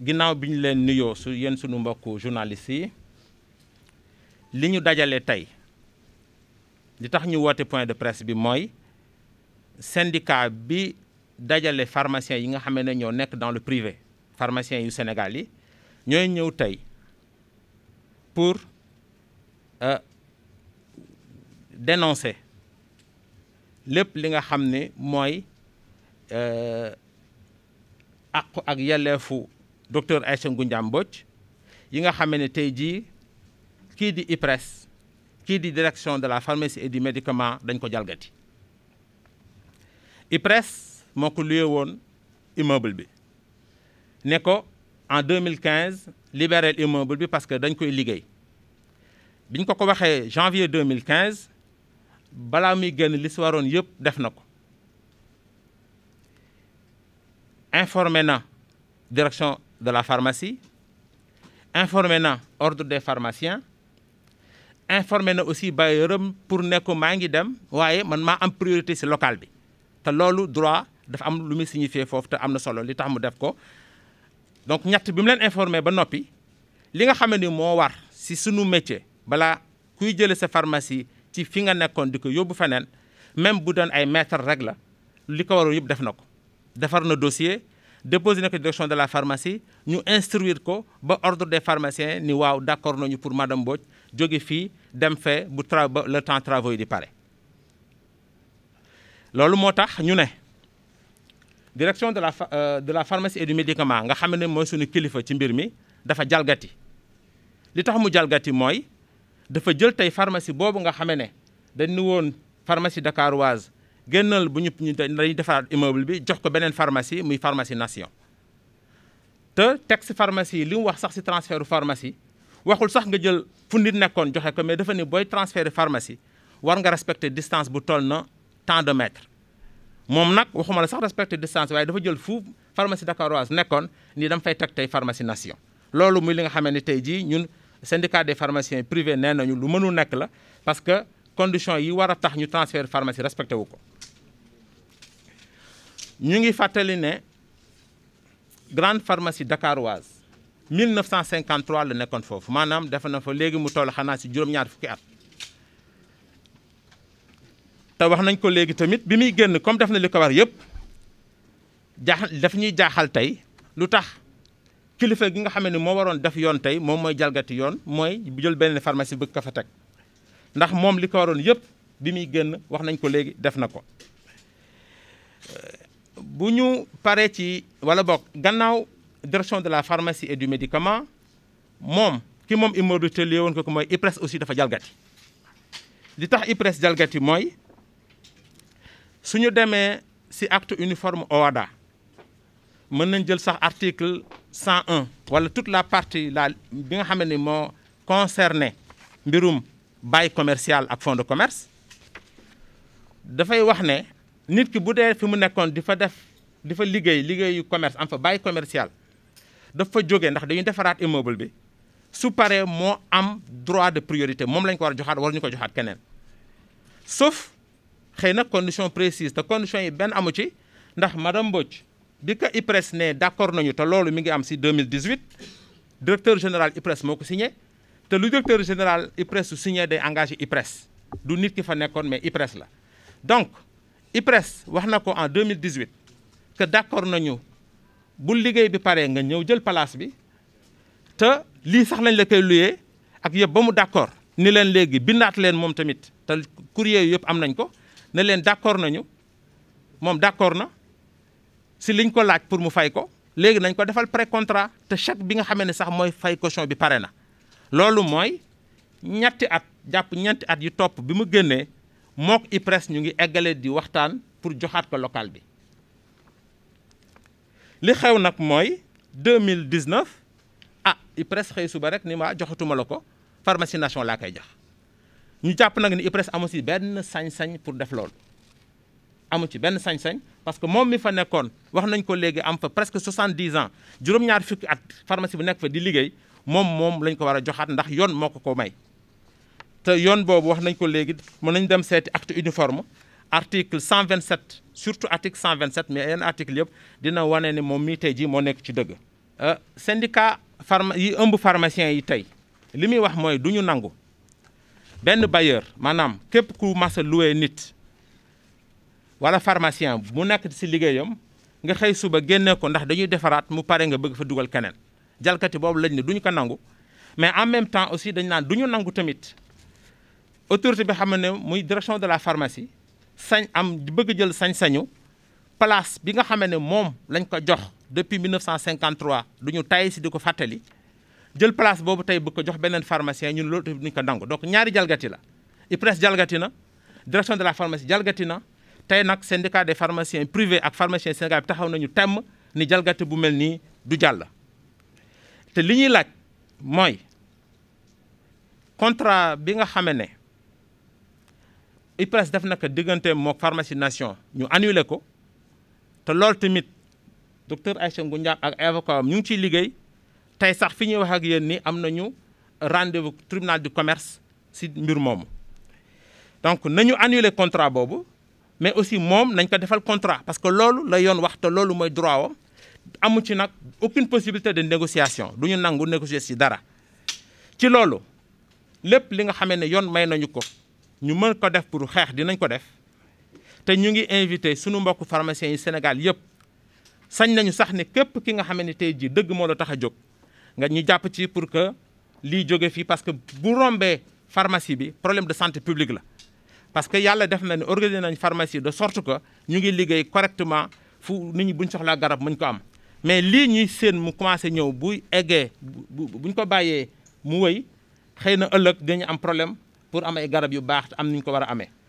ginnaaw bi ñu leen nuyoo su yéen sunu mbokku journalistes yi li ñu dajale tey li tax ñu woote point de presse bi mooy syndicat bi dajale pharmaciens yi nga xame ne ñoo nekk dans le privé pharmaciens yu Sénégal yi ñooy ñëw tey pour euh, dénoncer lépp li nga xam ne mooy euh, àqu ak yelleefu docteur Aïcha Ngundiam Mbodj yi nga xamee ne tey jii kii di IPRES kii di direction de la pharmacie et di médicament dañ ko jalgati IPRES moo ko luye woon immeuble bi ne ko en 2015 libéré immeuble bi parce que dañ koy liggéey biñ ko ko waxee janvier 2015 balaa muy génn li si waroon yëpp def na ko informé na direction de la pharmacie informé na ordre des pharmaciens informé na aussi bailleuram pour nekk maa ngi dem waaye man maa am priorité ci local bi te loolu droit dafa am lu muy signifier foofu te am na solo li tax mu def ko donc ñett bi mu leen informé ba noppi li nga xam ne moo war ci sunu métier balaa kuy jëlee sa pharmacie ci fi nga nekkoon di ko yóbbu feneen même bu doon ay mètre rek la li ko waroon yëpp def na ko defar na dossier déposé na ko direction de la pharmacie ñu instruire ko ba ordre des pharmaciens ni waaw d' accord nañu pour madame Mbodj jóge fii dem fe bu tra ba le temps travaux di pare. loolu moo tax ñu ne direction de la euh, de la pharmacie et du médicament nga xam ne mooy suñu kilifa ci mbir mi dafa jalgati li tax mu jalgati mooy dafa jël tey pharmacie boobu nga xame ne dañu woon pharmacie dakaroise génnal bu ñu ñu dañuy defaraat immeuble bi jox ko beneen pharmacie muy pharmacie nation te texte pharmacie li mu wax sax si transfertu pharmacie waxul sax nga jël fu nit nekkoon joxe ko mais dafa ni booy transféré pharmacie war nga respecter distance bu toll na tant de mètres moom nag waxuma la sax respecter distance waaye dafa jël fu pharmacie dakaroise nekkoon nii dama fay teg tey pharmacie nation loolu muy li nga xamee ne tey jii ñun syndicat des pharmaciens privés nee nañu lu mënul nekk la condition yi war a tax ñu transfert pharmacie respecté wu ko ñu ngi fàttali ne grande pharmacie dakaroise 1953 la nekkoon foofu maanaam defe na fa léegi mu toll xanaa si juróom-ñaar fukki at te wax nañ ko léegi tamit bi muy génn comme def na li ko war yëpp jaaxal daf ñuy jaaxal tey lu tax kilifa gi nga xam ne moo waroon def yoon tey moom mooy jalgati yoon mooy jël benn pharmacie bëgg ko fa teg ndax moom li ko waroon yëpp bi muy génn wax nañ ko léegi def na ko bu ñu paree ci wala bokk gannaaw direction de la pharmacie et du médicament moom ki moom immoralité li woon ko ko mooy IPRES aussi dafa jalgati li tax IPRES jalgati mooy suñu demee si acte uniforme OHADA mën nañ jël sax article 101 wala toute la partie la bi nga xam ni moo concerné mbirum bàyyi commercial ak fonds de commerce dafay wax ne nit ki bu dee fi mu nekkoon di fa def di fa liggéey liggéeyu commerce am fa bàyyi commercial daf fa jógee ndax dañuy defaraat immeuble bi su paree moo am droit de priorité moom lañ ko war a joxaat wala ñu ko joxaat keneen sauf xëy na condition précise te condition yi benn amu ci ndax madame Mbodj bi ko IPRES ne d' nañu te loolu mi ngi am si 2018 directeur général IPRES moo ko signé te lu directeur général IPRES su signé day engagé IPRES du nit ki fa nekkoon mais IPRES la donc IPRES wax na ko en 2018 que d' accord nañu bu liggéey bi paree nga ñëw jël place bi te lii sax lañ la koy luyee ak yëpp ba mu d' accord ni leen léegi bindaat leen moom tamit te courrier yëpp am nañ ko ne leen d' accord nañu moom d' accord na si liñ ko laaj pour mu fay ko léegi nañ ko defal pré contrat te chèque bi nga xamee ne sax mooy fay caution bi pare na loolu mooy ñetti at jàpp ñeenti at yu topp bi mu génnee mook IPRES ñu ngi eggale di waxtaan pour joxaat ko local bi li xew nag mooy 2019 ah IPRES xëy suba rek ni ma joxatuma la ko pharmacie nationale laa koy jox ñu jàpp nag ni IPRES amu ci benn sañ-sañ pour def loolu amu ci benn sañ-sañ parce que moom mi fa nekkoon wax nañ ko léegi am fa presque 70 ans juróom-ñaar fukki at pharmacie bu nekk fa di liggéey moom moom lañ ko war a joxaat ndax yoon moo ko ko may te yoon boobu wax nañ ko léegi mën nañ dem seeti acte uniforme article 127 surtout article 127 mais yenn article yëpp dina wane ne moom mii tey jii moo nekk ci dëgg. Euh, syndicat pharma yi ëmb pharmacien yi tey li muy wax mooy du ñu nangu benn bailleur maanaam képp ku mas a nit wala pharmacien mu nekk ci liggéeyam nga xëy suba génnee ko ndax dañuy defaraat mu pare nga bëgg fa dugal keneen. jalgati boobu lañ ne duñu ko nangu mais en même temps aussi dañ naan duñu nangu tamit autorité bi xam ne muy direction de la pharmacie sañ am bëgg jël sañ-sañu place bi nga xam ne moom lañ ko jox depuis 1953 du ñu tay si di ko fàttali jël place boobu tey bëgg ko jox beneen pharmacien ñun loolu tamit duñu ko nangu donc ñaari jalgati la IPRES jalgati na direction de la pharmacie jalgati na tey nag syndicat des pharmaciens privés ak pharmaciens Sénégal bi taxaw nañu temm ni jalgati bu mel nii du jàll. te li ñuy laaj mooy contrat bi nga xamee ne IPRES def na ko diggante moo pharmacie nation ñu annulé ko te loolu tamit docteur Aïcha Ngou Ndiak ak avocat ñu ngi ciy liggéey tey sax fi ñuy wax ak yéen ni am nañu rendez-vous tribunal du commerce si mbir moomu donc na ñu annulé contrat boobu mais aussi moom nañ ko defal contrat parce que loolu la yoon wax te loolu mooy droit wam amu ci nag aucune possibilité de négociation du ñu nangu négocier ci dara ci loolu lépp li nga xamee ne yoon may nañu ko ñu mën ko def pour xeex dinañ ko def te ñu ngi invité sunu mbokk pharmaciens yi Sénégal yëpp sañ nañu sax ne képp ki nga xamee ne tey jii dëgg moo la tax a jóg nga ñu jàpp ci pour que lii jóge fii parce que bu rombee pharmacie bi problème de santé publique la parce que yàlla def na ne organiser nañ pharmacie de sorte que ñu ngi liggéey correctement fu nit ñi buñ soxlaa garab muñ ko am mais lii ñuy séen mu commencé ñëw bu eggee bu buñ ko bàyyee mu wëy xëy na ëllëg dañu am problème pour am ay garab yu baax te am ni ñu ko war a amee.